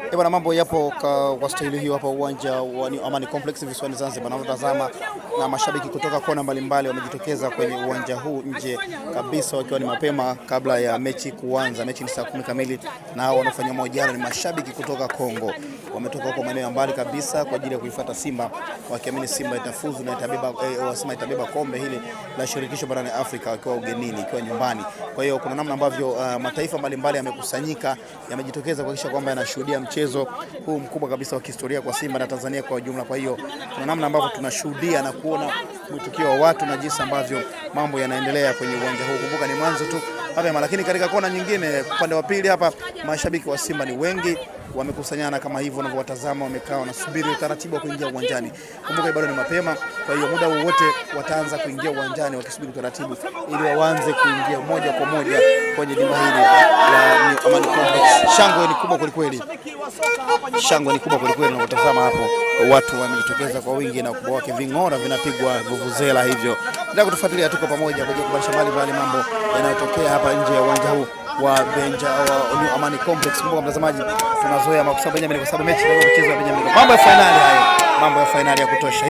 Eh, bwana, mambo yapo kwa staili hiyo hapa uwanja wa Amani Complex visiwani Zanzibar, naotazama na mashabiki kutoka kona mbalimbali wamejitokeza kwenye uwanja huu nje kabisa, wakiwa ni mapema kabla ya mechi kuanza. Mechi ni saa kumi kamili, na hao wanaofanya mahojiano ni mashabiki kutoka Kongo, wametoka kwa maeneo mbali kabisa kwa ajili ya kuifuata Simba, wakiamini Simba itafuzu na itabeba, eh, wasema itabeba kombe hili la shirikisho barani Afrika wakiwa ugenini, ikiwa nyumbani. Kwa hiyo kuna namna ambavyo uh, mataifa mbalimbali yamekusanyika, yamejitokeza kuhakikisha kwamba yanashuhudia mchezo huu mkubwa kabisa wa kihistoria kwa Simba na Tanzania kwa ujumla. Kwa hiyo kuna namna ambavyo tunashuhudia na kuona mwitikio wa watu na jinsi ambavyo mambo yanaendelea kwenye uwanja huu. Kumbuka ni mwanzo tu hapa, lakini katika kona nyingine, upande wa pili hapa, mashabiki wa Simba ni wengi wamekusanyana kama hivyo unavyowatazama, wamekaa wanasubiri utaratibu wa kuingia uwanjani. Kumbuka bado ni mapema, kwa hiyo muda wowote wataanza kuingia uwanjani wakisubiri utaratibu ili waanze kuingia moja kwa moja kwenye dimba hili. Amani Complex. Shangwe ni kubwa kwelikweli, shangwe ni kubwa kwelikweli. Unapotazama hapo, watu wamejitokeza kwa wingi na ukubwa wake, ving'ora vinapigwa, vuvuzela hivyo. Ndio kutufuatilia, tuko pamoja kuja kubadilisha mbalimbali mambo yanayotokea hapa nje ya uwanja huu wa Benja wa New Amani Complex. Kumbuka mtazamaji, tunazoea makosa Benjamin kwa sababu mechi ndio wa Benjamin, mambo ya finali hayo, mambo ya finali ya kutosha.